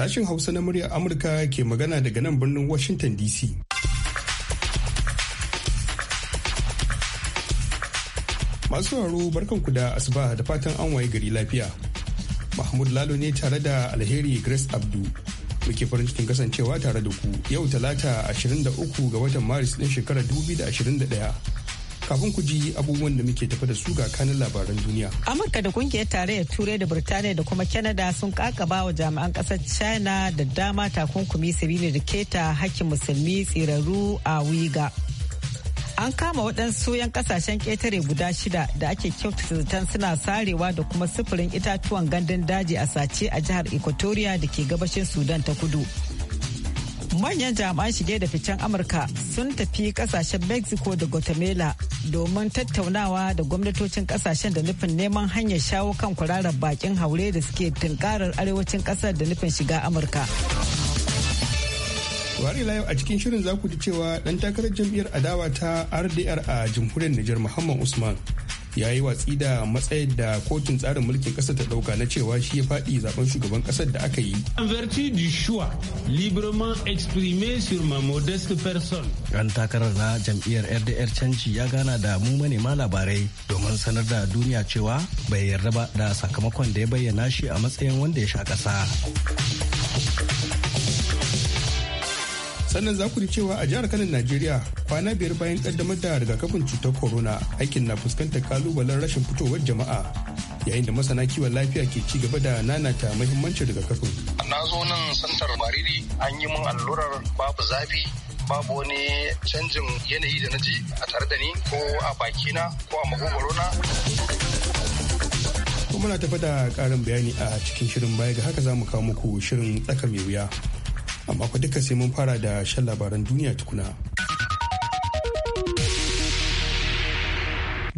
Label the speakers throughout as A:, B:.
A: Sashin Hausa na muryar Amurka ke magana daga nan birnin Washington DC. Masu haro barkanku da asuba da fatan an waye gari lafiya. Mahmud Lalo ne tare da Alheri Grace Abdu. muke farin cikin kasancewa tare da ku yau talata 23 ga watan maris ɗin shekarar 2021 kafin ku ji abubuwan da muke tafa da su ga kanin labaran duniya.
B: Amurka da kungiyar tarayyar Turai da Birtaniya da kuma Canada sun kakaba wa jami'an kasar China da dama takunkumi sabili da keta hakkin musulmi tsiraru a Wiga. An kama waɗansu 'yan kasashen ƙetare guda shida da ake kyautata zaton suna sarewa da kuma sufurin itatuwan gandun daji a sace a jihar Equatoria da ke gabashin Sudan ta kudu. manyan jami'an shige da ficen amurka sun tafi kasashen mexico da guatemala domin tattaunawa da gwamnatocin kasashen da nufin neman hanyar shawo kan kwararar bakin haure da suke tunkarar arewacin kasar da nufin shiga amurka
A: wari layo a cikin shirin zaku ji cewa dan takarar jam'iyyar adawa ta rdr a jamhuriyar nijar muhammad usman ya yi watsi da matsayin da kotun tsarin mulkin ƙasa ta ɗauka na cewa shi ya faɗi zaben shugaban ƙasar da aka yi.
C: du librement exprimé sur
D: ma modeste personne. Ɗan takarar na jam'iyyar RDR canji ya gana da mu manema labarai domin sanar da duniya cewa bai yarda ba da sakamakon da ya bayyana shi a matsayin wanda ya sha ƙasa.
A: sannan za ku ji cewa a jihar kanin najeriya kwana biyar bayan kaddamar da rigakafin cutar corona aikin na fuskantar kalubalen rashin fitowar jama'a yayin da masana kiwon lafiya ke ci gaba da nanata mahimmancin rigakafin na zo nan santar mariri an yi min allurar babu zafi babu wani canjin yanayi da na ji a tare da ni ko a bakina ko a makogwaro na muna tafa da karin bayani a cikin shirin baya ga haka za mu kawo muku shirin tsaka mai wuya amma ku duka sai mun fara da shan labaran duniya tukuna.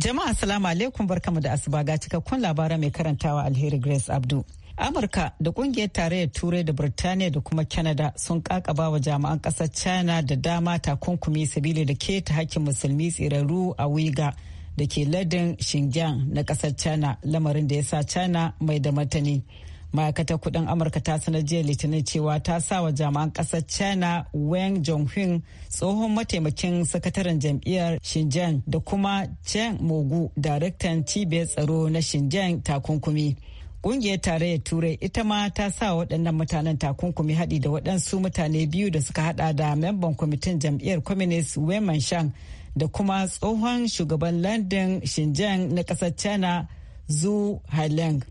B: Jama'a salamu alaikum barkamu da asuba ga cikakkun labaran mai karantawa alheri Grace Abdu. Amurka da kungiyar tarayyar Turai da Birtaniya da kuma Canada sun kakaba wa jami'an kasar China da dama takunkumi sabili da keta hakkin musulmi tsirarru a Wiga da ke ladin Xinjiang na kasar China lamarin da ya sa China mai da matani. ma'aikatar kudin amurka ta sanar jiya litinin cewa ta sa wa jami'an kasar china wang jonghun tsohon mataimakin sakataren jam'iyyar shenzhen da kuma chen mogu daraktan cibiyar tsaro na shenzhen takunkumi ƙungiyar tarayyar turai ita ma ta sa waɗannan mutanen takunkumi haɗi da waɗansu mutane biyu da suka haɗa da memban kwamitin jam'iyyar communist weman shang da kuma tsohon shugaban london shenzhen na ƙasar china zu haileng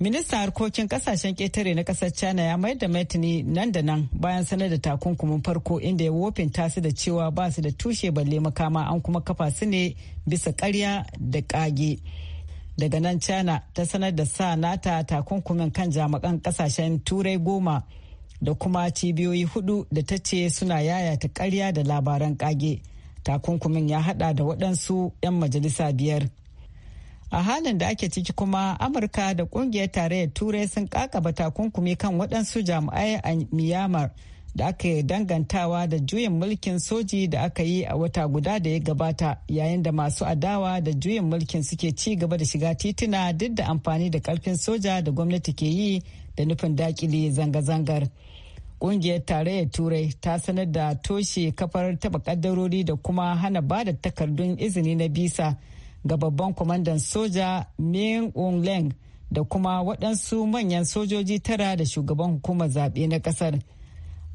B: Minista harkokin kasashen ketare na ƙasar China ya mayar da martani nan da nan bayan sanar da takunkumin farko inda ya wofinta su da cewa ba su da tushe balle makama an kuma kafa su ne bisa karya da ƙage. Daga nan China ta sanar da sa nata takunkumin kan jami'an ƙasashen turai goma da kuma cibiyoyi hudu da ta ce suna yayata karya da labaran ƙage. Takunkumin ya hada da waɗansu 'yan majalisa biyar. a halin da ake ciki kuma amurka da kungiyar tarayyar turai sun kakaba takunkumi kan waɗansu jami'ai a myanmar da aka dangantawa da juyin mulkin soji da aka yi a wata guda da ya gabata yayin da masu adawa da juyin mulkin suke ci gaba da shiga tituna duk da amfani da karfin soja da gwamnati ke yi da nufin dakile zanga-zangar kungiyar tarayyar turai ta sanar da toshe kafar taba kaddarori da kuma hana ba da takardun izini na bisa ga babban kwamandan soja Min Wong Leng da kuma waɗansu manyan sojoji tara da shugaban hukumar zaɓe na ƙasar.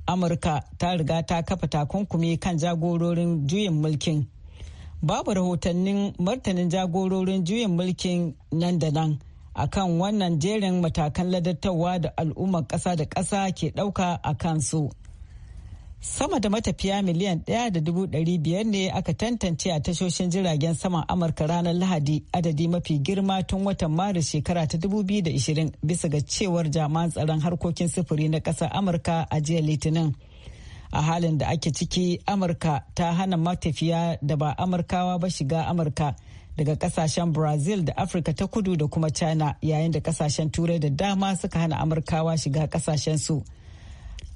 B: Amurka ta riga ta kafa takunkumi kan jagororin juyin mulkin. Babu rahotannin martanin jagororin juyin mulkin nan da nan a kan wannan jerin matakan ladattawa da al'ummar ƙasa da ƙasa ke ɗauka a kansu. Sama da matafiya miliyan ɗaya biyar ne aka tantance a tashoshin jiragen saman Amurka ranar Lahadi adadi mafi girma tun watan Maris shekara ta 2020 bisa ga cewar jama'an tsaron harkokin sufuri na ƙasar Amurka a jiya Litinin. A halin da ake ciki Amurka ta hana matafiya da ba Amurkawa ba shiga Amurka daga kasashen Brazil da Afirka ta kudu da kuma China yayin da kasashen Turai da dama suka hana Amurkawa shiga kasashen su.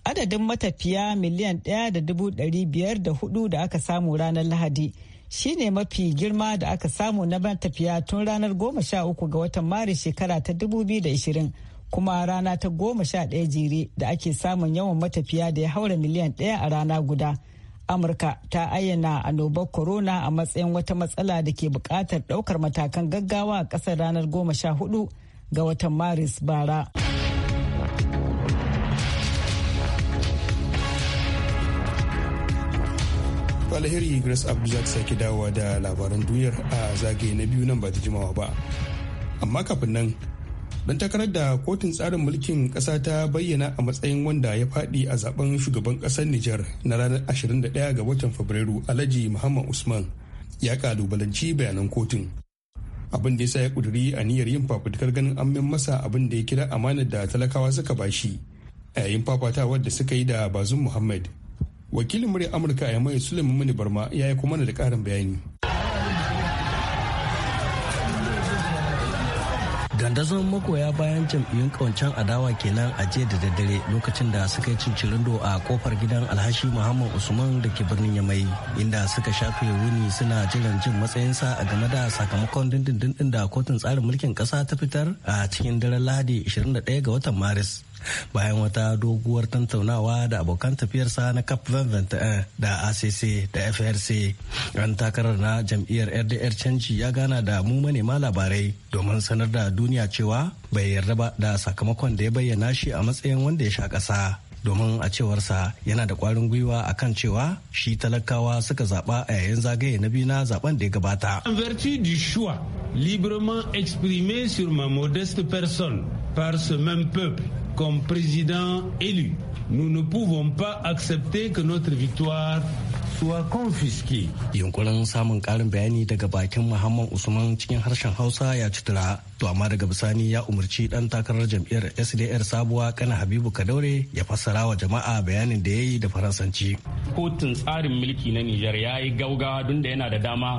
B: adadin matafiya miliyan ɗaya da dubu ɗari biyar da hudu da aka samu ranar lahadi shine mafi girma da aka samu na matafiya tun ranar goma sha uku ga watan maris shekara ta dubu biyu da ishirin kuma rana ta goma sha ɗaya jere da ake samun yawan matafiya da ya haura miliyan ɗaya a rana guda amurka ta ayyana annobar corona a matsayin wata matsala da ke buƙatar ɗaukar matakan gaggawa a ƙasar ranar goma sha hudu ga watan maris bara.
A: alheri grace abdu za ta sake dawowa da labaran duniyar a zagaye na biyu nan ba ta jimawa ba amma kafin nan don takarar da kotun tsarin mulkin kasa ta bayyana a matsayin wanda ya fadi a zaben shugaban ƙasar niger na ranar 21 ga watan Fabrairu Alhaji Muhammad Usman ya kalubalanci bayanan kotun. Abin da ya sa ya a niyyar yin fafutukar ganin an masa abin da ya kira amanar da talakawa suka bashi a yayin fafatawar da suka yi da Bazum Muhammad wakilin murya amurka ya yamai sulaiman mani barma ya yi kuma da karin bayani
D: dandazon magoya bayan jam'iyyun kawancen adawa kenan a jiya da daddare lokacin da suka yi cin cincirindo a kofar gidan alhashi muhammad usman da ke birnin yamai inda suka shafe wuni suna jiran jin matsayinsa a game da sakamakon dindindin da kotun tsarin mulkin kasa ta fitar a cikin daren lahadi 21 ga watan maris bayan wata doguwar tantaunawa da abokan tafiyarsa na cap 2021 eh, da acc da frc ɗan takarar na jam'iyyar rdr canji ya gana da mu manema labarai domin sanar da duniya cewa bai yarda ba da sakamakon da ya bayyana shi a matsayin wanda ya sha ƙasa domin a cewarsa yana da kwarin gwiwa a kan cewa shi talakawa suka zaɓa a yayin zagaye na biyu na zaben da ya gabata.
E: En vertu du
C: choix librement exprimé sur ma modeste personne par ce même peuple
D: comme président élu. Nous ne pouvons pas accepter que notre victoire soit confisquée. Yunkurin samun karin bayani daga bakin Muhammad Usman cikin harshen Hausa ya citira. To amma daga bisani ya umarci dan takarar jam'iyyar SDR sabuwa kana Habibu Kadaure ya fassara wa jama'a bayanin da ya yi da Faransanci.
C: Kotun tsarin mulki na Nijar ya yi gaugawa don da yana da dama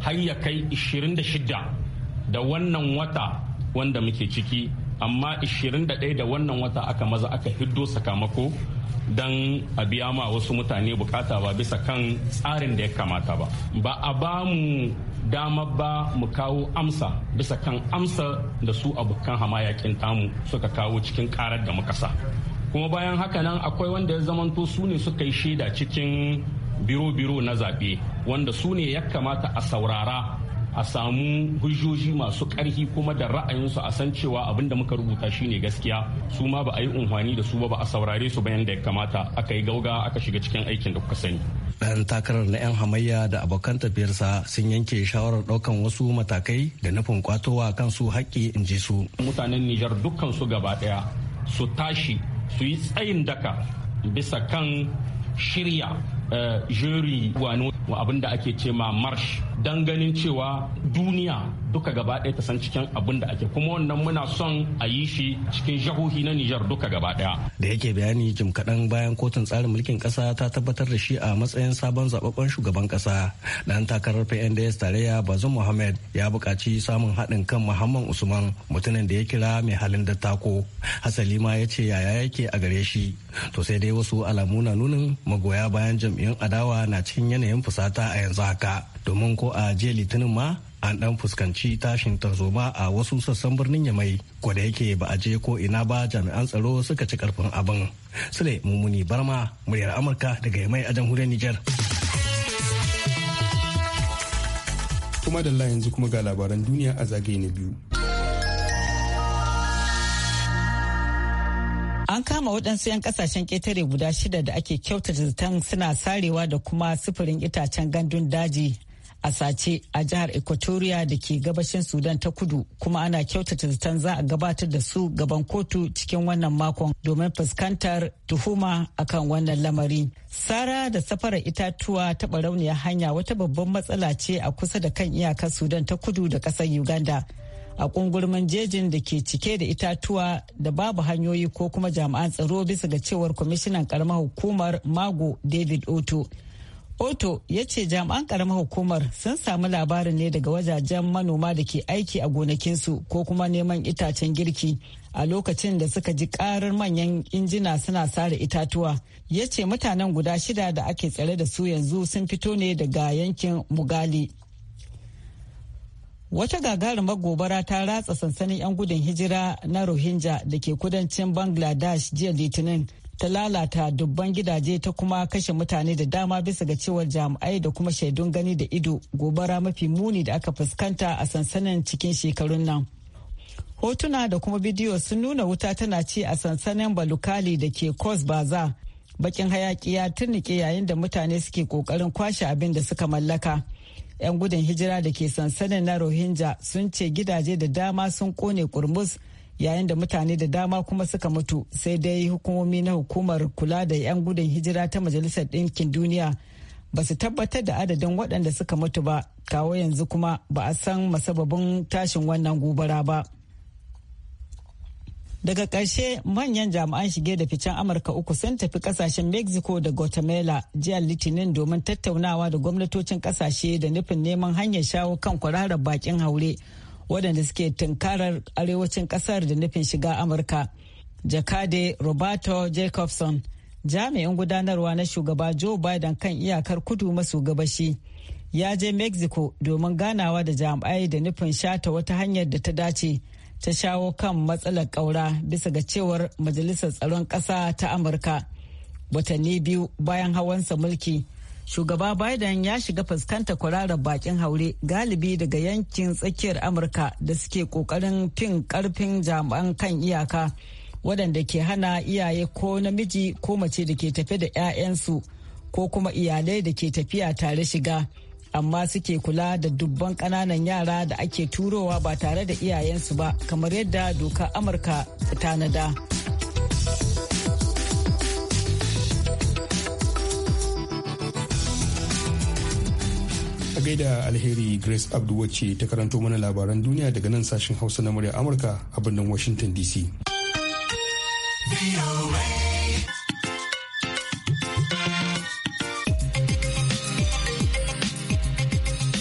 C: har ya kai 26 da wannan wata wanda muke ciki amma 21 da wannan wata aka maza aka hiddo sakamako don a biya ma wasu mutane bukata ba bisa kan tsarin da ya kamata ba ba a ba mu dama ba mu kawo amsa bisa kan amsa da su abokan yakin tamu suka kawo cikin karar da muka sa kuma bayan haka nan akwai wanda ya zamanto su ne suka yi shaida cikin biro-biro na zaɓe wanda su ne ya kamata a saurara a samu hujjoji masu ƙarfi kuma da ra'ayinsu a san cewa abin da muka rubuta shine gaskiya su ma ba a yi unhwani da su ba ba a saurare su bayan da ya kamata aka yi gauga aka shiga cikin aikin da kuka sani
D: ɗan takarar na 'yan hamayya da abokan tafiyarsa sun yanke shawarar ɗaukan wasu matakai da nufin kwatowa kan su haƙƙi in ji su
C: mutanen nijar dukkan su gaba ɗaya su tashi su yi tsayin daka bisa kan shirya Eh, jeri wani abin da ake ce ma marsh don ganin cewa duniya duka gaba ɗaya ta san cikin abin da ake kuma wannan muna son a yi shi cikin jahohi na Nijar duka gaba ɗaya.
D: Da yake bayani jim kaɗan bayan kotun tsarin mulkin ƙasa ta tabbatar da shi a matsayin sabon zababben shugaban ƙasa ɗan takarar PNDS tarayya Bazum Mohammed ya buƙaci samun haɗin kan Muhammad Usman mutumin da ya kira mai halin dattako. Hasali ma ya ce yaya yake a gare shi. To sai dai wasu alamu na nunin magoya bayan jam'iyyun adawa na cikin yanayin fusata a yanzu haka. Domin ko a jiya litinin ma an dan fuskanci tashin tarzoma a wasu sassan birnin yamai mai da yake ba a je ko ina ba jami'an tsaro suka ci karfin abin sule mummuni barma muryar amurka daga yamai a jamhuriyar niger kuma da la yanzu kuma ga
A: labaran duniya a zagaye na biyu
B: an kama waɗansu 'yan ƙasashen ƙetare guda shida da ake kyautata zaton suna sarewa da kuma sufurin itacen gandun daji a sace a jihar equatoria da ke gabashin sudan ta kudu kuma ana kyautata zaton za a gabatar da su gaban kotu cikin wannan makon domin fuskantar tuhuma akan wannan lamari sara da safara itatuwa ta barauniya hanya wata babban matsala ce a kusa da kan iyakar sudan ta kudu da ƙasar uganda a kungurmin jejin da ke cike da itatuwa da babu hanyoyi ko kuma jami'an tsaro bisa ga cewar kwamishinan karamar hukumar mago david oto Oto ya ce jami'an karamar hukumar sun samu labarin ne daga wajajen manoma da ke aiki a gonakinsu ko kuma neman itacen girki a lokacin da suka ji karar manyan injina suna sare itatuwa. Ya ce mutanen guda shida da ake tsare da su yanzu sun fito ne daga yankin Mugali. Wata gagarumar gobara ta ratsa sansanin 'yan gudun hijira na Rohingya da ke kudancin Bangladesh jiya Litinin ta lalata dubban gidaje ta kuma kashe mutane da dama bisa ga cewar jami'ai da kuma shaidun gani da ido gobara mafi muni da aka fuskanta a sansanin cikin shekarun nan. Hotuna da kuma bidiyo sun nuna wuta tana ci a sansanin Balukali da ke kos baza. Bakin hayaki ya turnike yayin da mutane suke kokarin kwashe abin da suka mallaka. 'Yan gudun hijira da ke sansanin na Rohingya sun ce gidaje da dama sun kone kurmus. yayin da mutane da dama kuma suka mutu sai dai hukumomi na hukumar kula da 'yan gudun hijira ta majalisar ɗinkin duniya ba su tabbatar da adadin waɗanda suka mutu ba kawo yanzu kuma ba a san masababin tashin wannan gobara ba daga ƙarshe manyan jami'an shige da ficen amurka uku sun tafi kasashen mexico da guatemala jiya litinin domin tattaunawa da gwamnatocin kasashe da nufin neman hanyar shawo kan kwararar bakin haure waɗanda suke tunkarar arewacin ƙasar da nufin shiga amurka jakade roberto jacobson jami'in gudanarwa na shugaba joe biden kan iyakar kudu maso gabashi ya je mexico domin ganawa da jami'ai da nufin shata wata hanyar da ta dace ta shawo kan matsalar ƙaura bisa ga cewar majalisar tsaron ƙasa ta amurka watanni biyu bayan hawansa mulki shugaba biden ya shiga fuskantar kwararar bakin haure galibi daga yankin tsakiyar amurka da suke kokarin fin karfin jami'an kan iyaka waɗanda ke hana iyaye ko namiji ko mace da ke tafe da 'ya'yansu ko kuma iyalai da ke tafiya tare shiga amma suke kula da dubban ƙananan yara da ake turowa ba tare da iyayensu ba kamar yadda doka amurka ta tanada.
A: gaida alheri Grace Abdu wacce ta karanto mana labaran duniya daga nan sashen Hausa na murya Amurka a birnin Washington DC.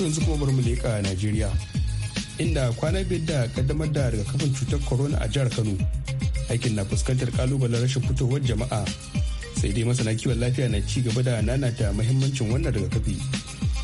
A: yanzu kuma bari mu leƙa Najeriya inda kwana biyar da kaddamar da kafin cutar corona a jihar Kano aikin na fuskantar kalubalen rashin fitowar jama'a sai dai masana kiwon lafiya na ci gaba da nanata mahimmancin wannan rigakafi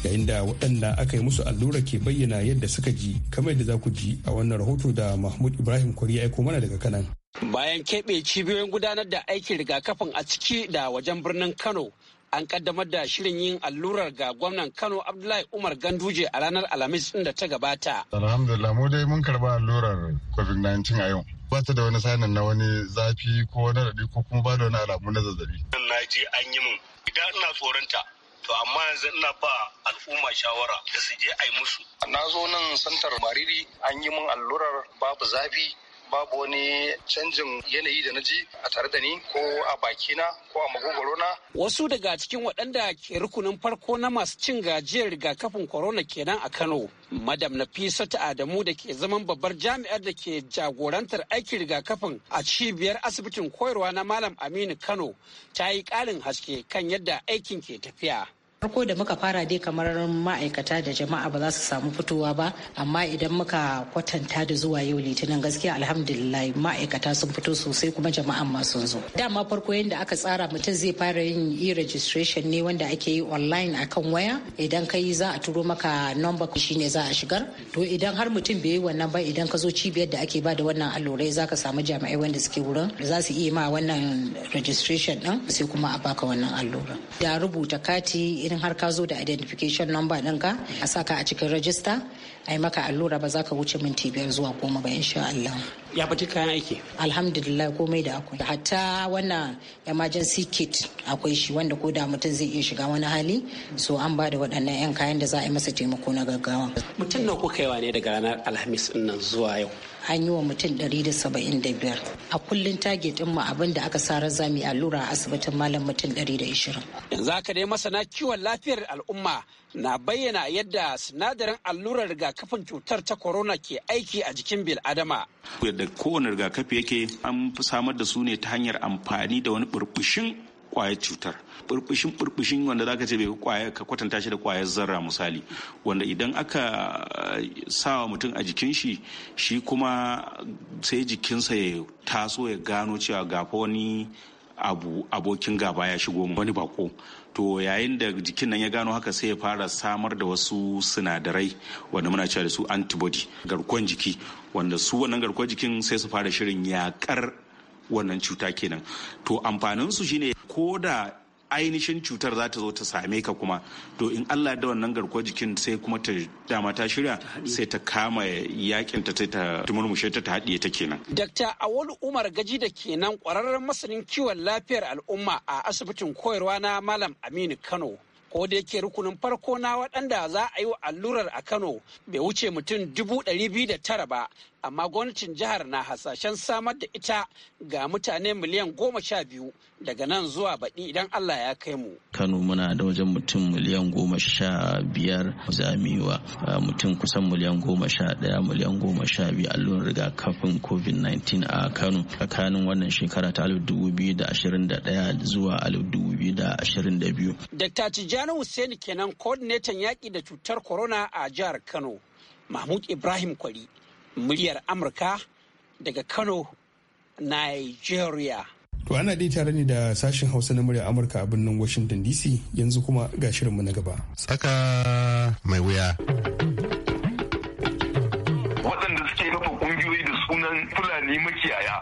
A: yayin da waɗanda aka yi musu allura ke bayyana yadda suka ji kamar yadda za ku ji a wannan rahoto da mahmud ibrahim kwari ya aiko mana daga kanan
E: bayan keɓe cibiyoyin gudanar da aikin rigakafin a ciki da wajen birnin kano an kaddamar da shirin yin allurar ga gwamnan kano abdullahi umar ganduje a ranar alhamis din da ta gabata
F: alhamdulillah mu dai mun karba allurar covid-19 a yau ba ta da wani sanin na wani zafi
G: ko wani raɗi ko kuma ba da wani alamu na zazzabi
D: na je an yi mun idan ina tsoronta to amma yanzu ina ba al'umma shawara da su je a yi musu na zo nan santar
A: mariri an yi min allurar babu zafi babu wani canjin yanayi da na ji a tare da ni ko a bakina ko a
E: na. Wasu daga cikin waɗanda ke rukunin farko na masu cin gajiyar rigakafin korona kenan a Kano. Madam Nafisa ta Adamu da ke zaman babbar jami'ar da ke jagorantar aikin rigakafin a cibiyar asibitin koyarwa na Malam Aminu Kano ta yi ƙarin haske kan yadda aikin ke tafiya.
H: farko da muka fara dai kamar ma'aikata da jama'a ba za su samu fitowa ba amma idan muka kwatanta da zuwa yau litinin gaskiya alhamdulillah ma'aikata sun fito sosai kuma jama'a ma sun zo dama farko yadda aka tsara mutum zai fara yin e-registration ne wanda ake yi online a kan waya idan ka yi za a turo maka number shine za a shigar to idan har mutum bai yi wannan ba idan ka zo cibiyar da ake ba da wannan allurai za ka samu jami'ai wanda suke wurin za su iya ma wannan registration din sai kuma a baka wannan alluran da rubuta kati irin har ka zo da identification number ɗinka a saka a cikin rajista a yi maka allura ba za ka wuce minti biyar zuwa goma ba insha Allah. Ya bace kayan aiki? Alhamdulillah komai da akwai. Hatta wannan emergency kit akwai shi wanda ko da mutum zai iya shiga wani hali so an ba da waɗannan 'yan kayan da za a yi masa taimako na gaggawa.
E: Mutum na kuka yawa ne daga
H: ranar Alhamis nan zuwa yau. an yi wa mutum 175 a kullum target mu abin da aka sarar zami allura a asibitin malam mutum 120
E: yanzu haka dai masana kiwon lafiyar al'umma na bayyana yadda sinadarin allurar rigakafin cutar ta corona ke aiki a jikin bil'adama.
C: yadda kowane rigakafi yake an samar da su ne ta hanyar amfani da wani burbushin kwayar cutar burbushin burbushin wanda zaka ce bai ka kwatanta shi da kwayar zarra misali wanda idan aka sawa mutum a jikin shi shi kuma sai jikinsa ya taso ya gano cewa gafa wani abu abokin gaba ya shigo wani bako to yayin da jikin nan ya gano haka sai ya fara samar da wasu sinadarai wanda muna cewa da su antibody garkuwan jiki wanda su wannan garkuwan jikin sai su fara shirin yakar wannan cuta kenan to amfanin su shine ko da ainihin cutar za ta zo ta same ka kuma to in allah da wannan garkuwar jikin sai kuma ta dama ta shirya sai ta kama yakin ta sai ta murmushe ta ta haɗiye ta kenan.
E: dakta awolu umar gaji da kenan ƙwararren masanin kiwon lafiyar al'umma a asibitin koyarwa na malam aminu kano ko da yake rukunin farko na waɗanda za a yi wa allurar a kano bai wuce mutum dubu ɗari biyu da tara ba amma gwamnatin jihar na hasashen samar da ita ga mutane miliyan goma sha biyu daga nan zuwa baɗi idan Allah ya kai mu.
D: Kano muna da wajen mutum miliyan goma sha biyar zamiwa mutum kusan miliyan goma sha ɗaya miliyan goma sha biyu allurar rigakafin COVID-19 a Kano tsakanin wannan shekara ta alif dubu biyu da ashirin da ɗaya zuwa alif dubu biyu da ashirin da biyu.
E: Dokta Tijjani Hussein kenan coordinator yaƙi da cutar corona a jihar Kano. Mahmud Ibrahim Kwari muryar Amurka daga Kano, Nigeria.
A: To ana dai tare ne da sashen Hausa na muryar Amurka a birnin Washington DC yanzu kuma ga shirinmu na gaba. Saka mai wuya.
G: Waɗanda suke kafa ƙungiyoyi da sunan Fulani makiyaya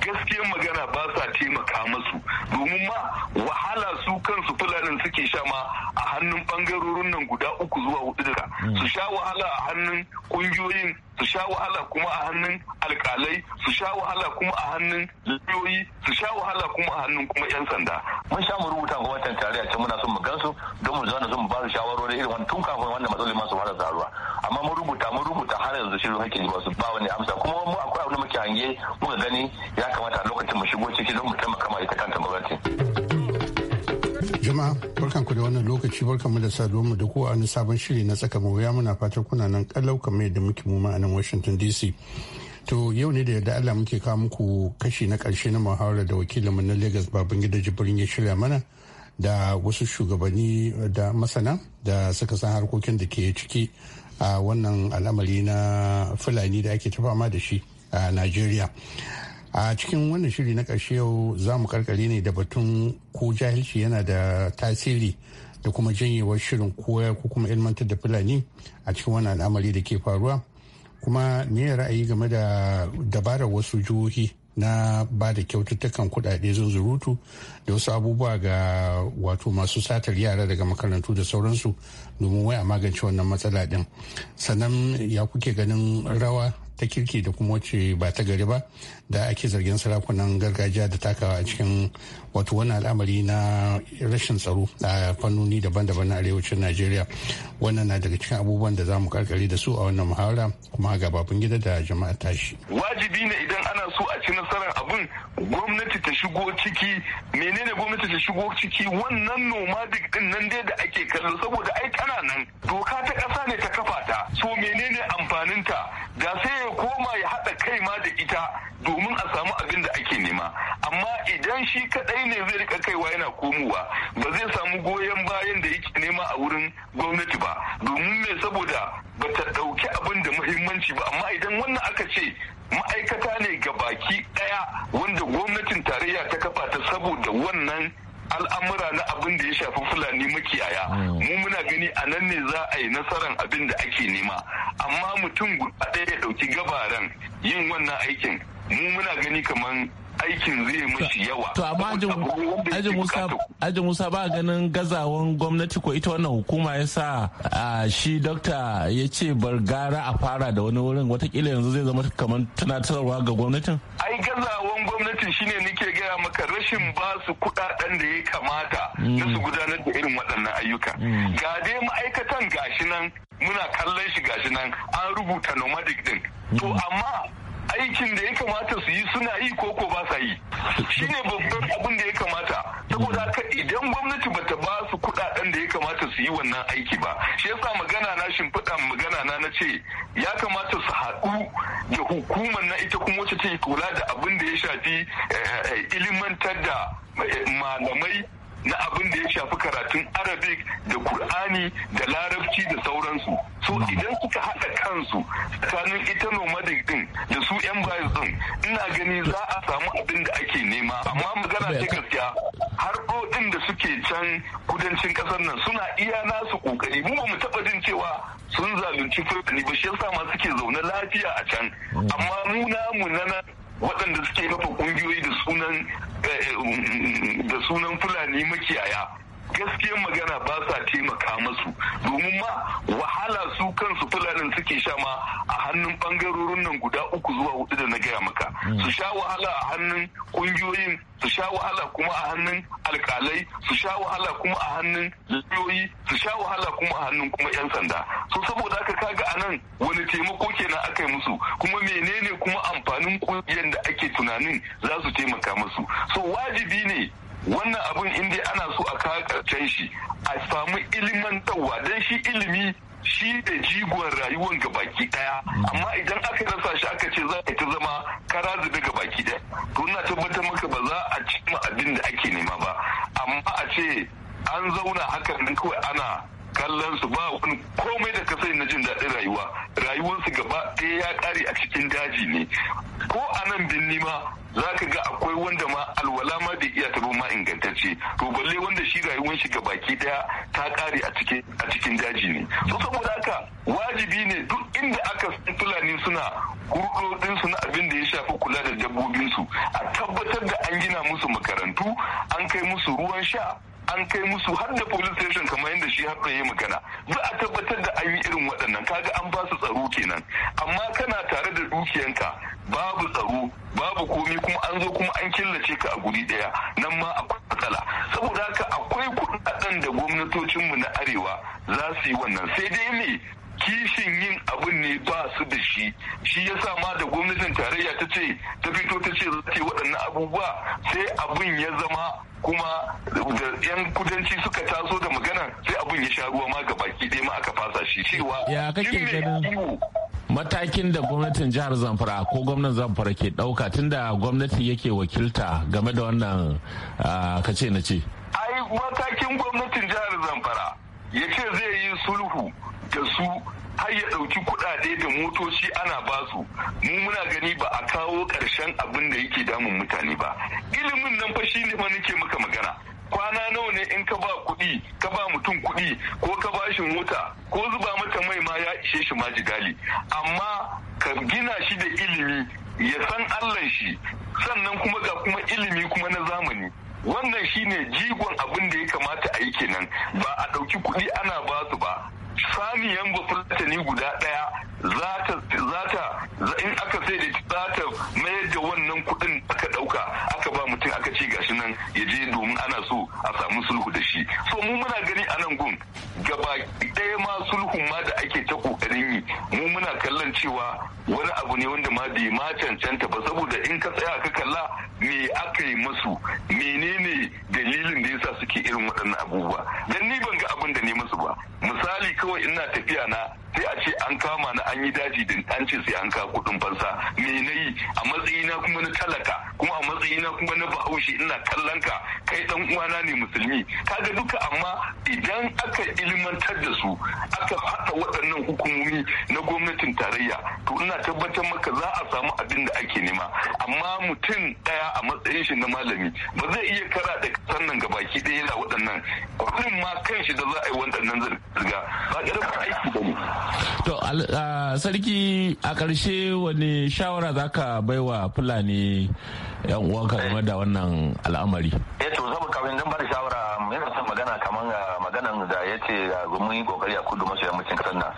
G: gaskiyar magana ba sa taimaka masu domin ma wahala su kansu fulanin suke sha ma a hannun bangarorin nan guda uku zuwa hudu daga su sha wahala a hannun ƙungiyoyin. su sha wahala kuma a hannun alkalai su sha wahala kuma a hannun lauyoyi su sha wahala kuma a hannun kuma yan sanda mun sha mu rubuta gwamnatin tarayya ce muna son mu gansu
I: don mu zauna son mu ba su shawarwari irin wani tun kafin wannan matsalolin masu fara zaruwa amma mun rubuta mun rubuta har yanzu shi hakkin ba su ba wani amsa kuma mu akwai abin da muke hange muka gani ya kamata a lokacin mu shigo
G: ciki don mu taimaka ma ita kanta gwamnati.
F: Jama'a barkan ku da wannan lokaci barkan mu da saduwa mu da kowa a wani sabon shiri na tsaka ya muna fatan kuna nan kallau kamar yadda muke mu a nan Washington DC. To yau ne da yadda Allah muke kawo muku kashi na karshe na muhawarar da wakilin wakilinmu na Lagos Babangida Jibrin ya shirya mana da wasu shugabanni da masana da suka san harkokin da ke ciki a wannan al'amari na Fulani da ake ta da shi a Najeriya. a cikin wannan shiri na ƙarshe yau za mu karkare ne da batun ko jahilci yana da tasiri da kuma janyewar shirin koya ko kuma ilmantar da fulani a cikin wannan al'amari da ke faruwa kuma me ra'ayi game da dabarar wasu jihohi na ba da kyaututtukan kuɗaɗe zunzurutu da wasu abubuwa ga wato masu satar yara daga makarantu da sauransu domin wai a magance wannan matsala ɗin sannan ya kuke ganin rawa ta kirki da kuma wacce ba ta gari ba da ake zargin sarakunan gargajiya da takawa a cikin wato wani al'amari na rashin tsaro a fannoni daban-daban na arewacin najeriya wannan na daga cikin abubuwan da za mu karkare da su a wannan muhawara kuma ga babin gida da jama'a tashi
G: wajibi ne idan ana so a ci nasarar abin gwamnati ta shigo ciki menene gwamnati ta shigo ciki wannan nomadic din nan dai da ake kallo saboda ai kana nan doka ta ƙasa ne ta kafa ta so menene amfanin ta da sai ya koma ya haɗa kai ma da ita domin a samu abin da ake nema amma idan shi kaɗai ne zai rika kaiwa yana komowa ba zai samu goyon bayan da yake nema a wurin gwamnati ba domin me saboda ba ta ɗauki abin da muhimmanci ba amma idan wannan aka ce ma'aikata ne ga baki ɗaya wanda gwamnatin tarayya ta kafa ta saboda wannan al'amura na abin da ya shafi fulani makiyaya mm. mu muna gani a nan ne za a yi nasarar abin da ake nema amma mutum guda ɗaya ya ɗauki gabaran yin wannan aikin mu muna gani kamar aikin zai mashi yawa.
C: To amma Aji Musa ba ganin gazawan gwamnati ko ita wannan hukuma ya sa shi dokta ya ce bar gara a fara da wani wurin watakila yanzu zai zama kamar tunatarwa ga gwamnatin?
G: Ai gazawan gwamnatin shine nake gaya maka rashin ba su kudaden da ya kamata mm. na su gudanar da irin waɗannan ayyuka. Mm. Ga dai ma'aikatan gashinan muna kallon shi gashinan an rubuta nomadic din. To mm. amma aikin da ya kamata su yi suna yi ko ko ba sa yi shine babban abin da ya kamata saboda haka idan gwamnati bata ba su kudaden da ya kamata su yi wannan aiki ba shi yasa magana na shimfiɗa magana na na ce ya kamata su haɗu da hukumar na ita kuma wacce take kula da abin da ya shafi eh, eh, ilimantar da eh, malamai na abin da ya shafi karatun arabic da kur'ani da larabci da sauransu so hmm. idan suka haɗa kansu tsakanin ita nomadic din da su yan bayis din ina gani za a samu abin da ake nema amma magana ta gaskiya har harkokin da suke can kudancin ƙasar nan suna iya nasu kokari mu ba mu taɓa jin cewa sun zalunci fulani ba shi yasa ma suke zaune lafiya a can hmm. amma mu namu na waɗanda suke kafa ƙungiyoyi da sunan eh, eh, um, fulani makiyaya gaskiyar magana ba sa taimaka masu domin ma wahala su kansu fulanin suke sha ma a hannun bangarorin nan guda uku zuwa hudu da na gaya maka hmm. su sha wahala a hannun kungiyoyin su sha wahala kuma a hannun alkalai su sha wahala kuma a hannun lauyoyi su sha wahala kuma a hannun kuma yan sanda so saboda haka kaga a nan wani taimako kenan aka yi musu kuma menene kuma amfanin kungiyar da ake tunanin za su taimaka musu so wajibi ne wannan abin inda ana so a kawo shi a samu ilimantarwa don shi ilimi shi da jigon rayuwar ga baki daya amma idan aka rasa shi aka ce za a ta zama kara zube ga baki daya to na tabbatar maka ba za a cimma abin da ake nema ba amma a ce an zauna hakan nan kawai ana kallon su ba wani komai da ka sani na jin daɗin rayuwa rayuwarsu gaba ɗaya ya ƙare a cikin daji ne ko a nan binni ma za ka ga akwai wanda ma alwala ma da iya taɓa ma ingantacce to balle wanda shi rayuwar shi ga baki ɗaya ta ƙare a cikin daji ne so saboda haka wajibi ne duk inda aka san fulani suna hurɗoɗin su na abin da ya shafi kula da dabbobinsu a tabbatar da an gina musu makarantu an kai musu ruwan sha an kai musu har da police station kamar yadda shi da ya magana za a tabbatar da an yi irin waɗannan kaga an ba su tsaro kenan amma kana tare da dukiyanka babu tsaro babu komi kuma an zo kuma an killace ka a guri ɗaya nan ma akwai matsala saboda haka akwai kuɗaɗen da gwamnatocinmu na arewa za su yi wannan sai dai me kishin yin abin ne ba su da shi shi ya sa ma da gwamnatin tarayya ta ce ta fito ta ce za ta yi waɗannan abubuwa sai abin ya zama kuma da yan kudanci suka taso da magana sai abun ya sha ruwa ma ga baki ɗaya ma aka fasa shi cewa ya kake
C: ganin matakin da gwamnatin jihar zamfara ko gwamnan zamfara ke ɗauka tunda gwamnati yake wakilta game da wannan kace na ce
G: ai matakin gwamnatin jihar zamfara ya ce zai yi sulhu da su har ya ɗauki kuɗaɗe da motoci ana basu mu muna gani ba a kawo ƙarshen abin da yake damun mutane ba ilimin nan fa shine ma nake maka magana kwana nawa ne in ka ba kuɗi ka ba mutum kuɗi ko ka ba shi mota ko zuba mata mai ma ya ishe shi majigali amma ka gina shi da ilimi ya san allah shi sannan kuma ga kuma ilimi kuma na zamani wannan shine jigon abin da ya kamata a yi kenan ba a ɗauki kuɗi ana ba su ba saniyan ne guda ɗaya za ta in aka sai da za ta mayar da wannan kuɗin aka ɗauka aka ba mutum aka ce gashi nan ya je domin ana so a samu sulhu da shi so mu muna gani a nan gun gaba ɗaya ma sulhun ma da ake ta mu muna kallon cewa wani abu ne wanda ma bai ma cancanta ba saboda in ka tsaya ka kalla me aka yi masu menene dalilin da yasa suke irin waɗannan abubuwa dan ni ban ga abin da ne musu ba misali kawai ina tafiya na sai a ce an kama na an yi daji din an sai an ka kudin fansa me na yi a matsayina kuma na talaka kuma a matsayina kuma na bahaushe ina kallon ka kai dan uwana ne musulmi kaga duka amma idan aka ilmantar da su aka haɗa waɗannan hukumomi na gwamnatin tarayya to ina tabbatar maka za a samu abin da ake nema amma mutum ɗaya a matsayin shi na malami ba zai iya kara da kasan nan baki ɗaya yana waɗannan kuɗin ma kan shi da za a yi waɗannan zirga ba ƙarfin aiki ba
C: ne To sarki a ƙarshe wani shawara za ka baiwa Fulani yan uwanka game da wannan al'amari? Eh to zama kawai zan ba
I: shawara yana son magana kamar maganan da ya ce mun yi kokari a kudu maso yammacin kasar nan.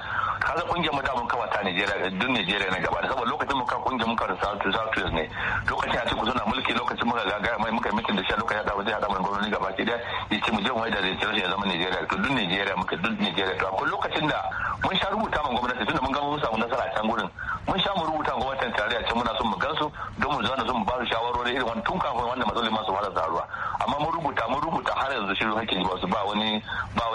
I: ga kungiyar mu da mun kawata Najeriya duk Najeriya na gaba saboda lokacin mu ka kungiyar mu ka da South South ne lokacin a cikin suna mulki lokacin muka ga mai muka mitin da shi lokacin da wajen hada mun gwamnati gaba ki da yace mu je mu da Najeriya ya zama Najeriya to duk Najeriya muka duk Najeriya to akwai lokacin da mun sha rubuta mun gwamnati tunda mun ga mun samu nasara a can gurin mun sha mu rubuta gwamnatin tarayya can muna son mu gansu don mu zauna sun mu ba su shawarwari irin wani tun kafin wannan matsalolin masu fara taruwa amma mun rubuta mun rubuta har yanzu shi hakkin ba su ba wani ba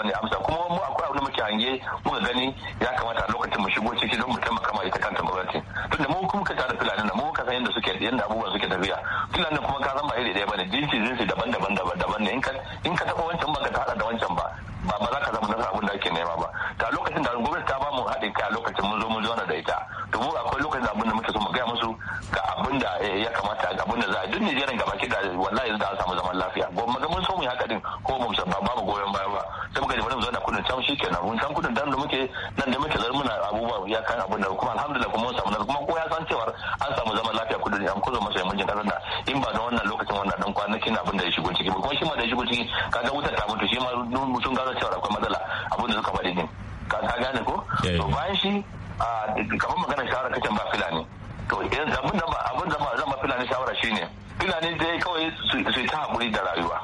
I: kamar maganar shawara kacan ba filani to abin da abin da zan ba filani shawara shine filani dai kawai su ta hakuri da rayuwa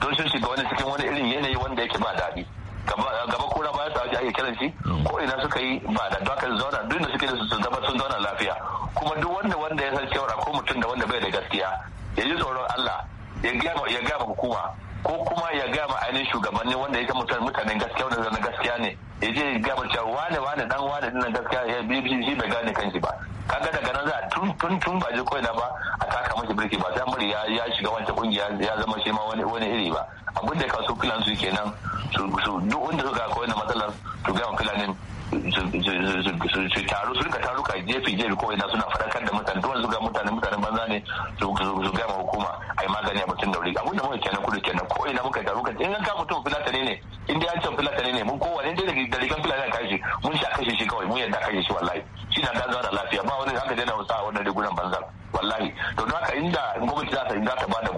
I: don sun shiga wani cikin wani irin yanayi wanda yake ba daɗi gaba kura baya sa ake kiran shi mm. ko ina suka yi ba da haka zauna duk da suke da su zama sun zauna lafiya kuma duk wanda wanda ya san cewa ko mutum da wanda bai da gaskiya ya ji tsoron Allah ya gaya hukuma ko kuma ya gaya ma ainihin shugabanni wanda mutane mutanen gaskiya wanda zana gaskiya ne ya je gaya mace cewa wane wane dan wane dinnan gaskiya ya bi shi bai gane kanshi ba kaga daga nan za tun tun tun ba je ina ba a taka mashi birki ba sai bari ya ya shiga wancan kungiya ya zama shi ma wani wani iri ba abin da ka so filan su kenan su duk wanda suka koyi na matsalar su gaya filanin su taru su rika taruka jefi jefi ko ina suna faɗakar da mutane to su ga mutane mutane banza ne su ga ma hukuma ai magani a batun daure abinda muka kenan kudu kenan ko ina muka taru ka in ka mutum filatani ne in dai an can filatani ne mun kowane dai da rigan filatani ka shi mun sha kashe shi kawai mun yadda kashe shi wallahi shi na gazawa da lafiya ba wani haka na wasa a wannan rigunan banza wallahi to don haka inda gwamnati za ta za ta bada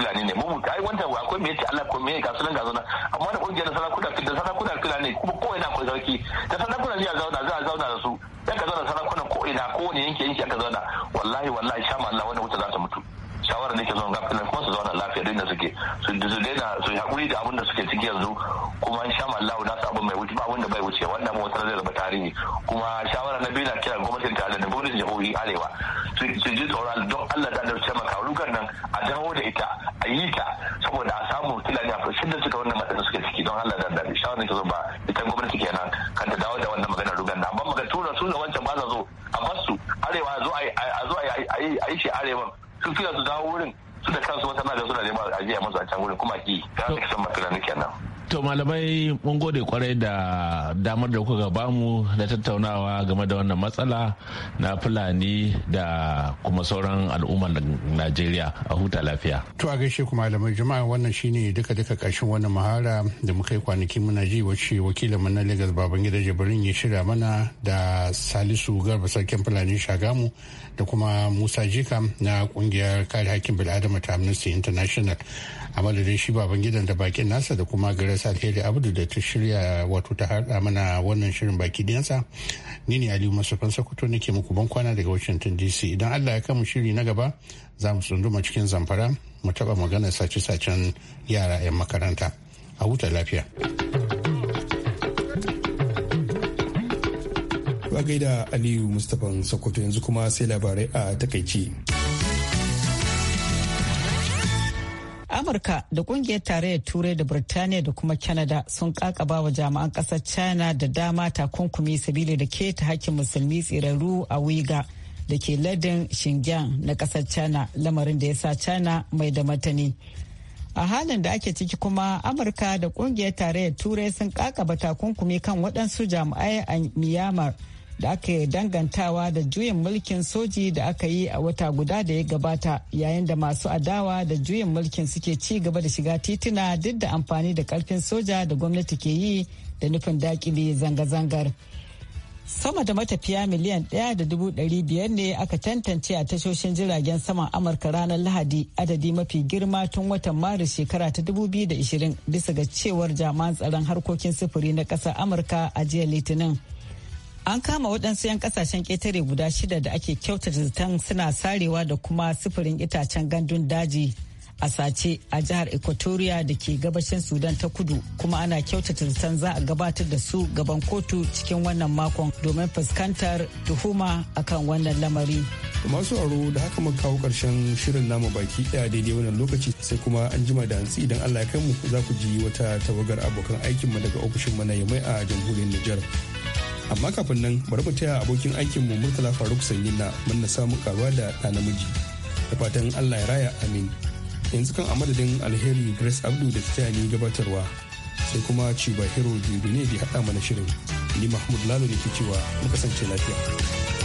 I: fulani ne mu ai wanda akwai me yace Allah ko me ga sunan ga zauna amma da kungiyar sarakuna da sarakuna fulani kuma ko ina akwai sarki da sarakuna ne ya zauna za a zauna da su da ka zauna sarakuna ko ina ko wani yanki yanki aka zauna wallahi wallahi sha Allah wannan wuta za ta mutu shawara ne ke zon ga fulani kuma su zauna lafiya da inda suke su daina su hakuri da abin da suke ciki yanzu kuma in sha Allah na su abu mai wuce ba wanda bai wuce wannan motar zai zama tarihi kuma shawara na biyu na kira gwamnatin tarayya jihohi arewa su ji tsoron don allah da dauce maka rugar nan a dawo da ita a yi ta saboda a samu tilani a fushin da suka wannan matsayin suke ciki don allah da da shawarar ta zo ba ita gwamnati kenan kan ta dawo da wannan maganar rugar nan amma maga tura su da wancan ba zo a basu arewa a zo a yi shi arewa su fila su dawo wurin su da kansu wata na da suna neman ajiya masu a can wurin kuma ki ta san matsala kenan.
C: To malamai mun gode kwarai da damar da kuka bamu da tattaunawa game da wannan matsala na Fulani da kuma sauran al'ummar Najeriya a huta lafiya.
F: To a gaishe ku malamai jama'a wannan shine duka duka ƙarshen wannan mahara da muka yi kwanaki muna ji wacce wakilin na Lagos Babangida Jibrin ya shirya mana da Salisu Garba Sarkin Fulani Shagamu da kuma Musa Jika na kungiyar kare hakkin bil'adama ta Amnesty International. a madadin shi baban gidan da bakin nasa da kuma garas alheri abdu da ta shirya wato ta haɗa mana wannan shirin baki diyansa ni ne aliyu masufan sokoto nake muku ban kwana daga washington dc idan allah ya kama shiri na gaba za mu tsunduma cikin zamfara mu taɓa magana sace-sacen yara 'yan makaranta a
A: huta lafiya. Ba gaida Aliyu Mustapha Sokoto yanzu kuma sai labarai a takaici.
B: amurka da kungiyar tarayyar turai da birtaniya da kuma canada sun kakaba wa jami'an kasar china da dama takunkumi sabili da keta hakkin musulmi tsirarru a wiga da ke ladin Xinjiang na kasar China lamarin da ya sa China mai da matani. A halin da ake ciki kuma Amurka da kungiyar tarayyar Turai sun kakaba takunkumi kan waɗansu jami'ai a Myanmar da aka yi dangantawa da juyin mulkin soji da aka yi a wata guda da ya gabata yayin da masu adawa da juyin mulkin suke ci gaba da shiga tituna duk da amfani da karfin soja da gwamnati ke yi da nufin dakile zanga-zangar sama da matafiya miliyan ɗaya da dubu ɗari biyar ne aka tantance a tashoshin jiragen saman amurka ranar lahadi adadi mafi girma tun watan maris shekara ta dubu biyu da ishirin bisa ga cewar jami'an tsaron harkokin sufuri na ƙasar amurka a jiya litinin An kama waɗansu 'yan kasashen ƙetare guda shida da ake kyautar zaton suna sarewa da kuma sufurin itacen gandun daji a sace a jihar Equatoria da ke gabashin Sudan ta kudu kuma ana kyautata zaton za a gabatar da su gaban kotu cikin wannan makon domin fuskantar tuhuma akan wannan lamari.
A: Masu aro da haka mun kawo ƙarshen shirin namu baki ɗaya daidai wannan lokaci sai kuma an jima da hantsi idan Allah ya kai mu za ku ji wata tawagar abokan aikinmu daga ofishin mana na Yamai a jamhuriyar Nijar. amma kafin nan bari mu taya abokin aikin mu murtala faruk sanyin na mun na samu karuwa da ɗa namiji da fatan allah ya raya amin yanzu kan a alheri grace abdu da ta ni gabatarwa sai kuma ciba hero ne da haɗa mana shirin ni mahmud lalo ne ke cewa muka kasance lafiya